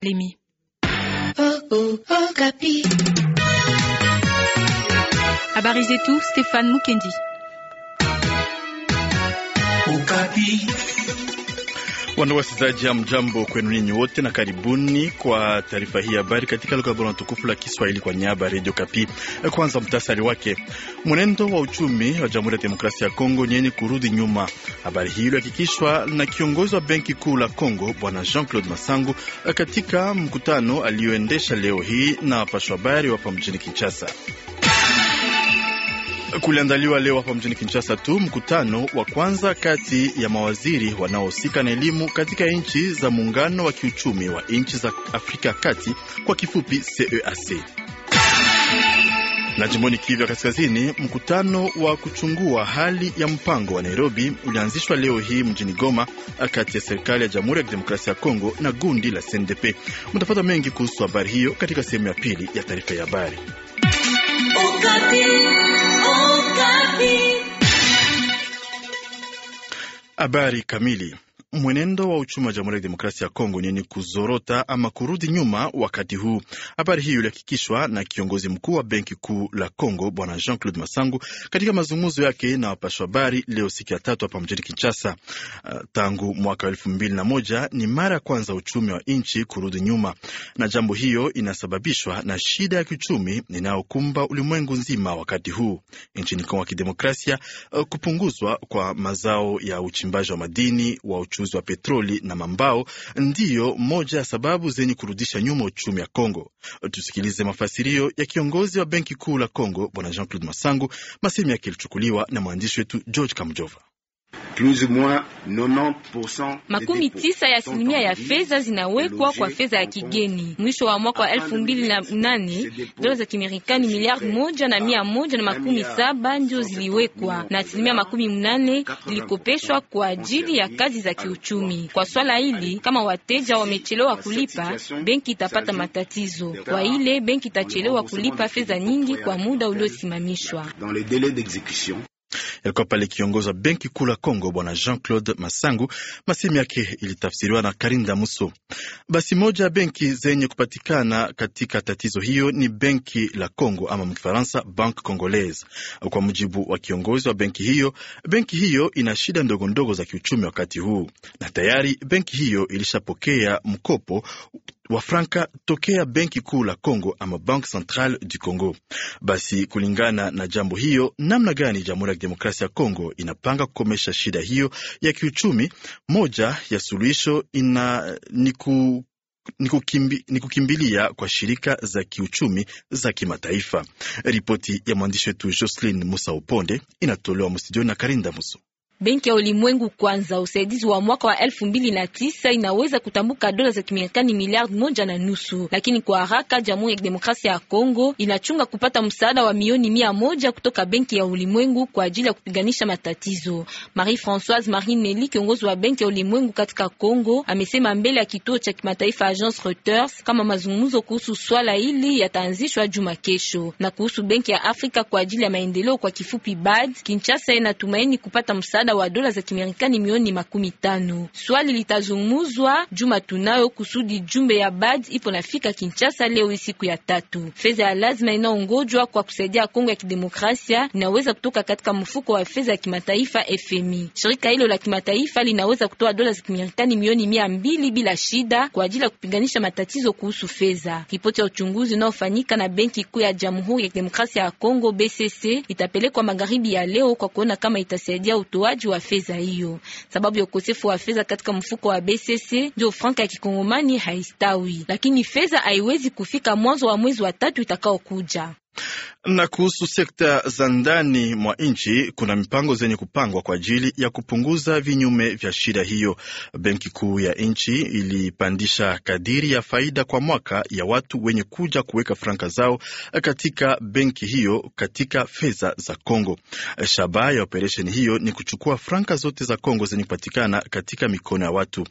Lémi. Oh, oh, oh, à tout, Stéphane Mukendi. Wana wasikilizaji, mjambo kwenu ninyi wote, na karibuni kwa taarifa hii habari katika lugha bora tukufu la Kiswahili kwa niaba ya Radio Kapi. Eh, kwanza mtasari wake. Mwenendo wa uchumi wa Jamhuri ya Demokrasia ya Kongo ni yenye kurudi nyuma. Habari hii ilihakikishwa na kiongozi wa Benki Kuu la Kongo Bwana Jean-Claude Masangu eh, katika mkutano aliyoendesha leo hii na wapashwa habari hapa mjini Kinshasa. Kuliandaliwa leo hapa mjini Kinshasa tu mkutano wa kwanza kati ya mawaziri wanaohusika na elimu katika nchi za muungano wa kiuchumi wa nchi za Afrika kati kwa kifupi CEAC. E na jimboni Kivu ya Kaskazini, mkutano wa kuchungua hali ya mpango wa Nairobi ulianzishwa leo hii mjini Goma, kati ya serikali ya Jamhuri ya Kidemokrasia ya Kongo na gundi la CNDP. Mtapata mengi kuhusu habari hiyo katika sehemu ya pili ya taarifa ya habari. Habari kamili mwenendo wa uchumi wa Jamhuri ya Kidemokrasia ya Kongo nyenye kuzorota ama kurudi nyuma wakati huu. Habari hiyo ilihakikishwa na kiongozi mkuu wa Benki Kuu la Kongo Bwana Jean Claude Masangu katika mazungumzo yake na wapasha habari leo siku ya tatu hapa mjini Kinshasa. Uh, tangu mwaka wa elfu mbili na moja ni mara ya kwanza uchumi wa nchi kurudi nyuma, na jambo hiyo inasababishwa na shida ya kiuchumi inayokumba ulimwengu nzima wakati huu nchini Kongo ya Kidemokrasia, uh, kupunguzwa kwa mazao ya uchimbaji wa madini wa uchumi uchuzi wa petroli na mambao ndiyo moja ya sababu zenye kurudisha nyuma uchumi ya Kongo. Tusikilize mafasirio ya kiongozi wa benki kuu la Kongo, Bwana Jean Claude Masangu, Masehemu yake ilichukuliwa na mwandishi wetu George Kamjova. Makumi tisa ya asilimia ya fedha zinawekwa kwa fedha ya kigeni. Mwisho wa mwaka wa elfu mbili na nane dola za Kimerikani miliardi moja na mia moja na makumi saba ndio ziliwekwa na asilimia makumi mnane zilikopeshwa kwa ajili ya kazi za kiuchumi. Kwa swala hili, kama wateja wamechelewa kulipa, benki itapata matatizo. Kwa ile benki itachelewa kulipa fedha nyingi kwa muda uliosimamishwa. Alikuwa pale kiongozi wa benki kuu la Congo bwana Jean Claude Masangu. Masimu yake ilitafsiriwa na Karinda Muso. Basi moja ya benki zenye kupatikana katika tatizo hiyo ni benki la congo ama mkifaransa Banque Congolaise. Kwa mujibu wa kiongozi wa benki hiyo, benki hiyo ina shida ndogondogo za kiuchumi wakati huu, na tayari benki hiyo ilishapokea mkopo franka tokea benki kuu la Congo ama Banque Centrale du Congo. Basi kulingana na jambo hiyo, namna gani Jamhuri ya Kidemokrasia ya Congo inapanga kukomesha shida hiyo ya kiuchumi? Moja ya suluhisho ina ni ku ni, kukimbi, ni kukimbilia kwa shirika za kiuchumi za kimataifa. Ripoti ya mwandishi wetu Jocelyn Musa Uponde inatolewa mstudioni na Karinda Muso. Benki ya Ulimwengu kwanza usaidizi wa mwaka wa elfu mbili na tisa inaweza kutambuka dola za Kimarekani miliardi moja na nusu, lakini kwa haraka Jamhuri ya Kidemokrasia ya Kongo inachunga kupata msaada wa milioni mia moja kutoka Benki ya Ulimwengu kwa ajili ya kupiganisha matatizo. Marie Françoise Nelly, kiongozi wa Benki ya Ulimwengu katika Kongo, amesema mbele ya kituo cha kimataifa Agence Reuters kama mazungumzo kuhusu swala hili yataanzishwa juma kesho. Na kuhusu Benki ya Afrika kwa ajili ya maendeleo, kwa kifupi BAD, Kinshasa inatumaini kupata msaada msaada wa dola za Kimarekani milioni makumi tano. Swali litazungumzwa juma tunayo kusudi jumbe ya BAD ipo nafika Kinshasa leo siku ya tatu. Fedha ya lazima inaongojwa kwa kusaidia Kongo ya Kidemokrasia inaweza kutoka katika mfuko wa fedha ya kimataifa FMI. Shirika hilo la kimataifa linaweza kutoa dola za Kimarekani milioni mia mbili bila shida kwa ajili ya matatizo kuhusu fedha. Ripoti ya uchunguzi unaofanyika na Benki Kuu ya Jamhuri ya Kidemokrasia ya Kongo BCC itapelekwa magharibi ya leo kwa kuona kama itasaidia utoaji upatikanaji wa fedha hiyo. Sababu ya ukosefu wa fedha katika mfuko wa BCC ndio franka ya kikongomani haistawi, lakini fedha haiwezi kufika mwanzo wa mwezi wa tatu itakao kuja. Na kuhusu sekta za ndani mwa nchi, kuna mipango zenye kupangwa kwa ajili ya kupunguza vinyume vya shida hiyo. Benki Kuu ya nchi ilipandisha kadiri ya faida kwa mwaka ya watu wenye kuja kuweka franka zao katika benki hiyo katika fedha za Kongo. Shabaha ya operesheni hiyo ni kuchukua franka zote za Kongo zenye kupatikana katika mikono ya watu.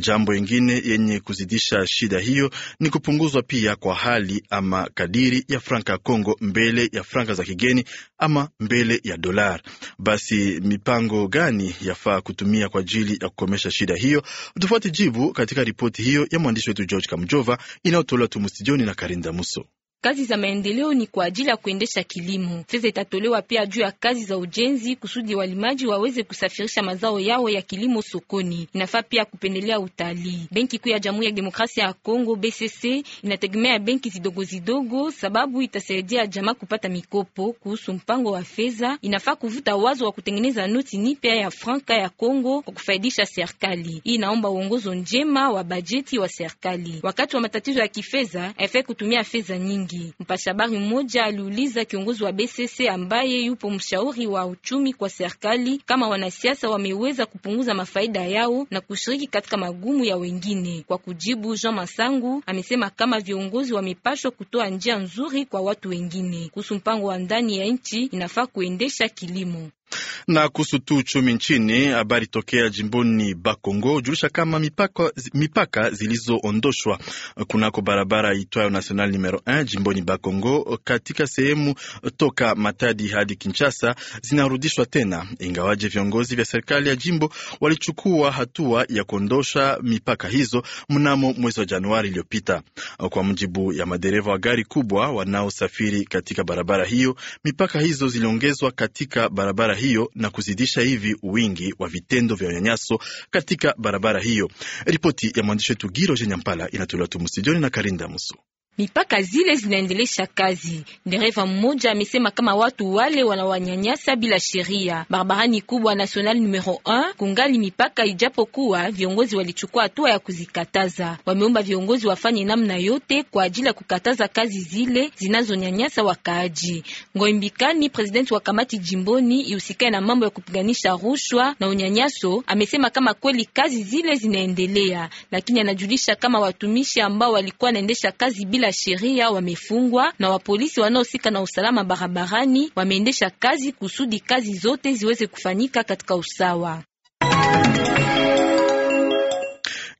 Jambo ingine yenye kuzidisha shida hiyo ni kupunguzwa pia kwa hali ama kadiri ya franka ya Kongo mbele ya franka za kigeni ama mbele ya dolar. Basi mipango gani yafaa kutumia kwa ajili ya kukomesha shida hiyo? Tufuate jibu katika ripoti hiyo ya mwandishi wetu George Kamjova inayotolewa tumustijoni na Karinda Muso. Kazi za maendeleo ni kwa ajili ya kuendesha kilimo. Fedha itatolewa pia juu ya kazi za ujenzi kusudi walimaji waweze kusafirisha mazao yao ya kilimo sokoni. Inafaa pia kupendelea utalii. Benki Kuu ya Jamhuri ya Demokrasia ya Kongo BCC inategemea benki zidogo zidogo, sababu itasaidia jamaa kupata mikopo. Kuhusu mpango wa fedha, inafaa kuvuta wazo wa kutengeneza noti nipya ya franka ya Kongo kwa kufaidisha serikali. Hii inaomba uongozo njema wa bajeti wa serikali wakati wa matatizo ya kifedha. Haifai kutumia fedha nyingi mengi. Mpashabari mmoja aliuliza kiongozi wa BCC ambaye yupo mshauri wa uchumi kwa serikali kama wanasiasa wameweza kupunguza mafaida yao na kushiriki katika magumu ya wengine. Kwa kujibu, Jean Masangu amesema kama viongozi wamepashwa kutoa njia nzuri kwa watu wengine. Kuhusu mpango wa ndani ya nchi, inafaa kuendesha kilimo na kuhusu tu uchumi nchini, habari tokea jimboni Bakongo julisha kama mipaka, mipaka zilizoondoshwa kunako barabara itwayo National numero 1 jimboni Bakongo katika sehemu toka Matadi hadi Kinshasa zinarudishwa tena, ingawaje viongozi vya serikali ya jimbo walichukua hatua ya kuondosha mipaka hizo mnamo mwezi wa Januari iliyopita. Kwa mujibu ya madereva wa gari kubwa wanaosafiri katika barabara hiyo, mipaka hizo ziliongezwa katika barabara hiyo na kuzidisha hivi wingi wa vitendo vya unyanyaso katika barabara hiyo. Ripoti ya mwandishi wetu Giro Jenyampala inatolewa tu msijoni na Karinda Musu mipaka zile zinaendelesha kazi. Dereva mmoja amesema kama watu wale wanawanyanyasa bila sheria barabarani kubwa national numero 1 kungali mipaka, ijapokuwa viongozi walichukua hatua ya kuzikataza. Wameomba viongozi wafanye namna yote kwa ajili ya kukataza kazi zile zinazonyanyasa wakaaji. Ngoimbikani, president wa kamati jimboni ihusikae na mambo ya kupiganisha rushwa na unyanyaso, amesema kama kweli kazi zile zinaendelea, lakini anajulisha kama watumishi ambao walikuwa naendesha kazi bila bila sheria wamefungwa na wapolisi wanaohusika na usalama barabarani wameendesha kazi kusudi kazi zote ziweze kufanyika katika usawa.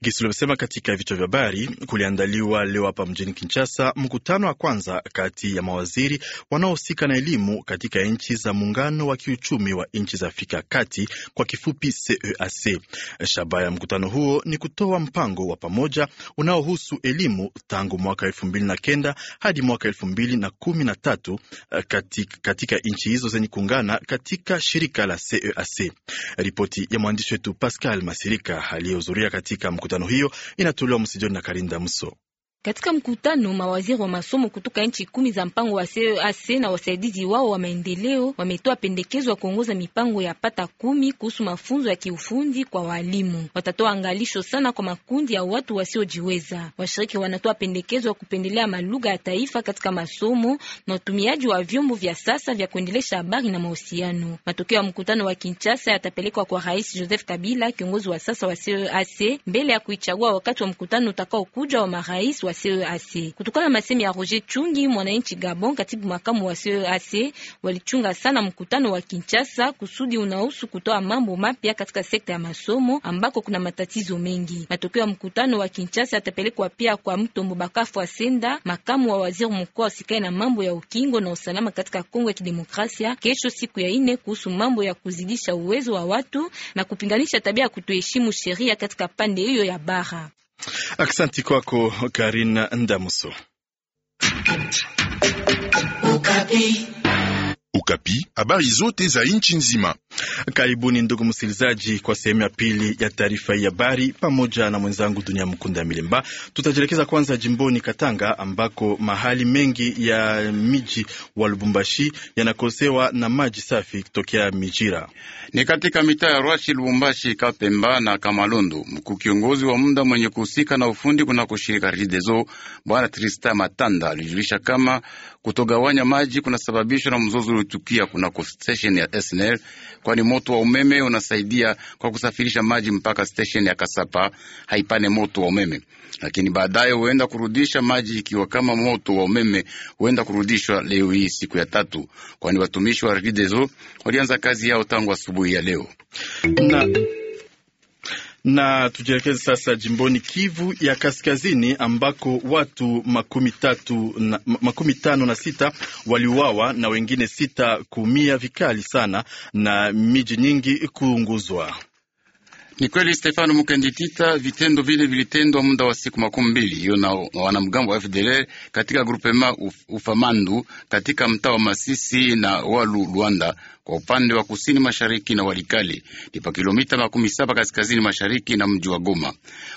Gisi limesema katika vichwa vya habari, kuliandaliwa leo hapa mjini Kinshasa mkutano wa kwanza kati ya mawaziri wanaohusika na elimu katika nchi za muungano wa kiuchumi wa nchi za Afrika ya Kati, kwa kifupi CEAC. E Shabaha ya mkutano huo ni kutoa mpango wa pamoja unaohusu elimu tangu mwaka elfu mbili na kenda hadi mwaka elfu mbili na kumi na tatu eh, katika, katika nchi hizo zenye kuungana katika shirika la CEAC. E Ripoti ya mwandishi wetu Pascal Masirika aliyehudhuria katika mkutano mikutano hiyo inatolewa msijoni na Karinda Mso. Katika mkutano mawaziri wa masomo kutoka nchi kumi za mpango wa CEAC na wasaidizi wao wa maendeleo wametoa pendekezo ya kuongoza mipango ya pata kumi kuhusu mafunzo ya kiufundi kwa walimu. Watatoa angalisho sana kwa makundi ya watu wasiojiweza. Washiriki wanatoa pendekezo ya kupendelea malugha ya taifa katika masomo na utumiaji wa vyombo vya sasa vya kuendelesha habari na mahusiano. Matokeo ya mkutano wa Kinshasa yatapelekwa kwa Rais Joseph Kabila, kiongozi wa sasa wa CEAC, mbele ya kuichagua wakati wa mkutano utakaokuja wa marais wa wa CEAC. Kutokana na masemi ya Roger Chungi, mwananchi Gabon, katibu makamu wa CEAC, walichunga sana mkutano wa Kinshasa kusudi unahusu kutoa mambo mapya katika sekta ya masomo ambako kuna matatizo mengi. Matokeo ya mkutano wa Kinshasa yatapelekwa pia kwa Mtombo Bakafu wa Senda, makamu wa waziri mkuu usikae na mambo ya ukingo na usalama katika Kongo ya Kidemokrasia, kesho siku ya ine, kuhusu mambo ya kuzidisha uwezo wa watu na kupinganisha tabia ya kutoheshimu sheria katika pande hiyo ya bara. Aksanti kwako Karina Ndamuso. Ukapi, habari zote za inchi nzima Karibuni ndugu msikilizaji, kwa sehemu ya pili ya taarifa hii habari, pamoja na mwenzangu Dunia Mkunda ya Milemba. Tutajielekeza kwanza jimboni Katanga, ambako mahali mengi ya miji wa Lubumbashi yanakosewa na maji safi kutokea Mijira, ni katika mitaa ya Rwashi, Lubumbashi, Kapemba na Kamalundu. Mkuu kiongozi wa muda mwenye kuhusika na ufundi kunakoshirika Ridezo, Bwana Trista Matanda, alijulisha kama kutogawanya maji kunasababishwa na mzozo uliotukia kunako stesheni ya SNL kwani moto wa umeme unasaidia kwa kusafirisha maji mpaka stesheni ya Kasapa haipane moto wa umeme, lakini baadaye huenda kurudisha maji ikiwa kama moto wa umeme huenda kurudishwa leo hii siku ya tatu, kwani watumishi wa REGIDESO walianza kazi yao tangu asubuhi ya leo na na tujielekeze sasa jimboni Kivu ya Kaskazini ambako watu makumi tatu na, makumi tano na sita waliuawa na wengine sita kuumia vikali sana na miji nyingi kuunguzwa. Ni kweli Stefano Mukenditita, vitendo vile vilitendwa muda wa siku makumi mbili hiyo na wanamgambo wa FDLR katika grupema Ufamandu katika mtaa wa Masisi na Walu Luanda kwa upande wa kusini mashariki na Walikale ni pa kilomita makumi saba kaskazini mashariki na mji wa Goma.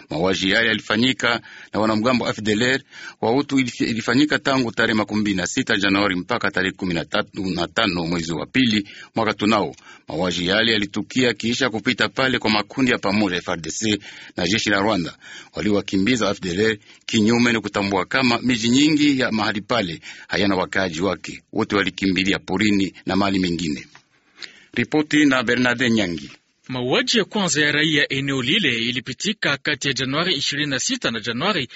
Mauaji haya yalifanyika na wanamgambo wa FDLR wautu ilifanyika tangu tarehe makumi mbili na sita Januari mpaka tarehe kumi na tano mwezi wa pili mwaka tunao. Mauaji yale yalitukia kiisha kupita pale kwa makundi ya pamoja frdc na jeshi la Rwanda waliowakimbiza FDLR kinyume ni kutambua kama miji nyingi ya mahali pale hayana wakaaji wake, wote walikimbilia porini na mali mengine. Ripoti na Bernarde Nyangi. Mauaji ya kwanza ya raia eneo lile ilipitika kati ya Januari 26 na Januari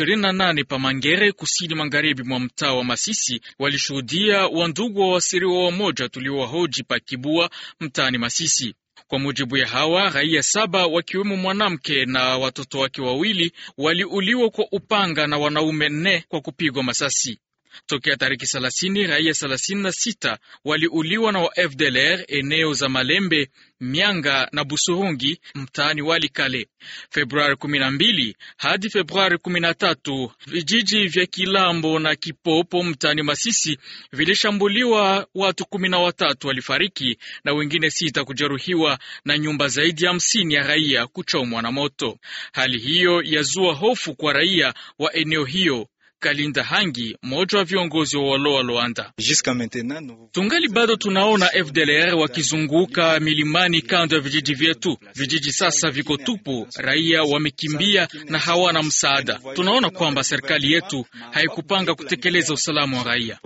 28 pa Mangere, kusini magharibi mwa mtaa wa Masisi. Walishuhudia wandugu wa wasiriwa wamoja tuliowahoji pa Kibua mtaani Masisi. Kwa mujibu ya hawa raia saba wakiwemo mwanamke na watoto wake wawili waliuliwa kwa upanga na wanaume nne kwa kupigwa masasi. Tokea tariki 30 raia 36 waliuliwa na wa FDLR eneo za Malembe, Mianga na Busurungi mtaani Walikale. Februari 12 hadi Februari 13 vijiji vya Kilambo na Kipopo mtaani Masisi vilishambuliwa, watu 13 walifariki na wengine sita kujeruhiwa na nyumba zaidi ya 50 ya raia kuchomwa na moto. Hali hiyo yazua hofu kwa raia wa eneo hiyo. Kalinda Hangi, mmoja wa viongozi wa Walo wa Luanda. Tungali bado tunaona FDLR wakizunguka milimani kando ya vijiji vyetu. Vijiji sasa viko tupu, raia wamekimbia na hawana msaada. Tunaona kwamba serikali yetu haikupanga kutekeleza usalama wa raia.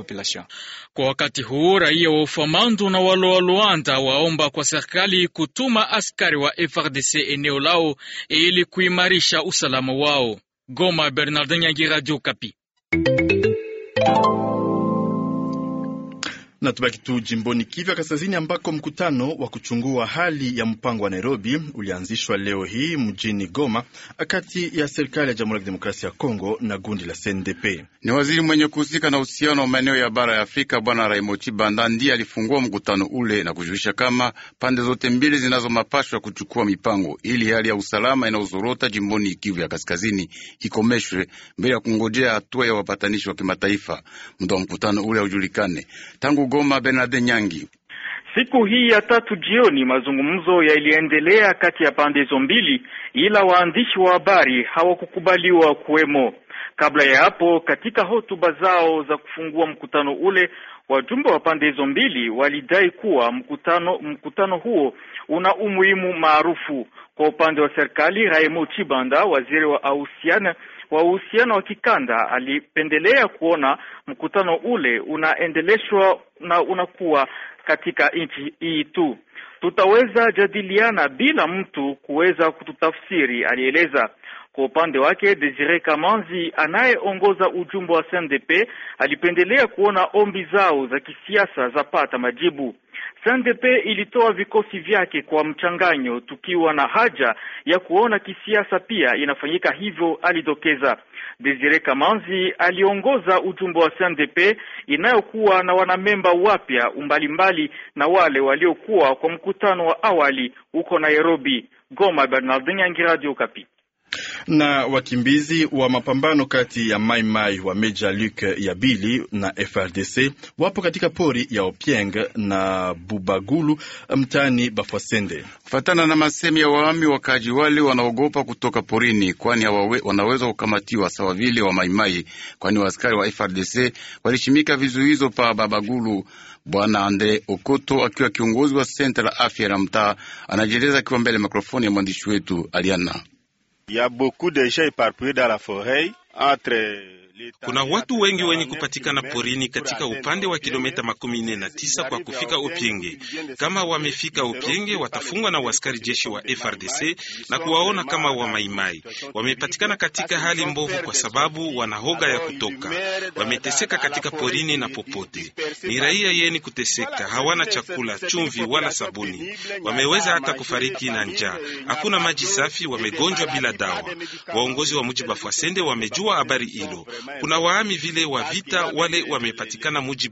Kwa wakati huu, raia wa Ufamandu na Walo wa Luanda waomba kwa serikali kutuma askari wa FRDC eneo lao ili kuimarisha usalama wao. Goma, Bernardin Yangira, Radio Na tubaki tu jimboni kivya Kaskazini, ambako mkutano wa kuchungua hali ya mpango wa Nairobi ulianzishwa leo hii mjini Goma, kati ya serikali ya Jamhuri ya Kidemokrasia ya Kongo na gundi la CNDP. Ni waziri mwenye kuhusika na uhusiano wa maeneo ya bara ya Afrika, Bwana Raimoti Banda, ndiye alifungua mkutano ule na kujulisha kama pande zote mbili zinazo mapasho ya kuchukua mipango ili hali ya usalama inayozorota jimboni Kivu ya Kaskazini ikomeshwe mbele ya kungojea hatua ya wapatanishi wa kimataifa. Muda wa mkutano ule haujulikane tangu Goma, Bernarde Nyangi. Siku hii ya tatu jioni mazungumzo yaliendelea kati ya pande hizo mbili, ila waandishi wa habari hawakukubaliwa kuwemo. Kabla ya hapo, katika hotuba zao za kufungua mkutano ule, wajumbe wa pande hizo mbili walidai kuwa mkutano mkutano huo una umuhimu maarufu. Kwa upande wa serikali, Raymond Chibanda, waziri wa ausiana wa uhusiano wa kikanda alipendelea kuona mkutano ule unaendeleshwa na unakuwa katika nchi hii tu. Tutaweza jadiliana bila mtu kuweza kututafsiri, alieleza. Kwa upande wake Desire Kamanzi anayeongoza ujumbe wa CNDP alipendelea kuona ombi zao za kisiasa zapata majibu. CNDP ilitoa vikosi vyake kwa mchanganyo, tukiwa na haja ya kuona kisiasa pia inafanyika hivyo, alidokeza. Desire Kamanzi aliongoza ujumbe wa CNDP inayokuwa na wanamemba wapya umbalimbali na wale waliokuwa kwa mkutano wa awali huko Nairobi. Goma, Bernardin Yangi, Radio Kapi. Na wakimbizi wa mapambano kati ya Maimai wa Meja Luc bili na FRDC wapo katika pori ya Opieng na Bubagulu mtani Bafwasende. fatana na masemi ya waami, wakaji wale wanaogopa kutoka porini, kwani wanaweza kukamatiwa sawa vile wa Maimai, kwani waaskari wa FRDC walishimika vizuizo pa Babagulu. Bwana Andre Okoto akiwa kiongozi wa senta la afya la mtaa anajieleza akiwa mbele ya mikrofoni ya mwandishi wetu Aliana Il y a beaucoup de gens dans la forêt entre Kuna watu wengi wenye kupatikana porini katika upande wa kilomita makumi nne na tisa kwa kufika Upyenge. Kama wamefika Upyenge, watafungwa na waskari jeshi wa FRDC na kuwaona kama wamaimai. Wamepatikana katika hali mbovu kwa sababu wanahoga ya kutoka. Wameteseka katika porini na popote. Ni raia yeni kuteseka, hawana chakula, chumvi wala sabuni. Wameweza hata kufariki na njaa. Hakuna maji safi, wamegonjwa bila dawa. Waongozi wa mji Bafwasende wamejua habari hilo. Kuna waami vile wa vita wale wamepatikana muji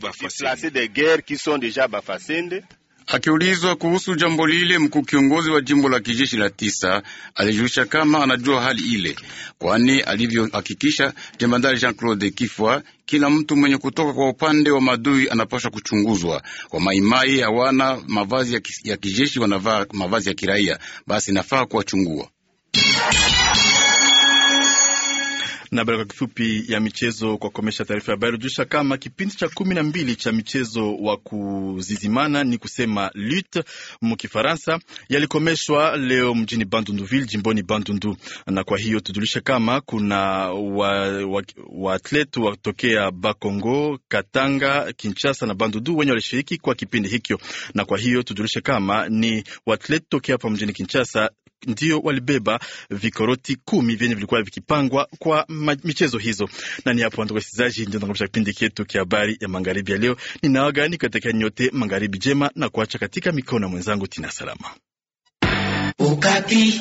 Bafasende. Akiulizwa kuhusu jambo lile, mkuu kiongozi wa jimbo la kijeshi la tisa alijulisha kama anajua hali ile, kwani alivyohakikisha jemandari Jean Claude Kifwa, kila mtu mwenye kutoka kwa upande wa madui anapaswa kuchunguzwa. Wamaimai hawana mavazi ya kijeshi, wanavaa mavazi ya kiraia, basi nafaa kuwachungua. na habari kwa kifupi ya michezo kwa kukomesha taarifa ya habari. Julisha kama kipindi cha kumi na mbili cha michezo wa kuzizimana ni kusema lut mkifaransa yalikomeshwa leo mjini Bandunduville jimboni Bandundu, na kwa hiyo tujulishe kama kuna waatletu wa, wa watokea Bakongo, Katanga, Kinshasa na Bandundu wenye walishiriki kwa kipindi hikyo, na kwa hiyo tujulishe kama ni waatletu tokea hapa mjini Kinshasa ndio walibeba vikoroti kumi vyenye vilikuwa vikipangwa kwa michezo hizo. Na ni hapo wasikilizaji, ndio nakamisha kipindi chetu kia habari ya magharibi ya leo. Ninaaga nikatakia nyote magharibi jema na kuacha katika mikono ya mwenzangu Tina Salama Ukati.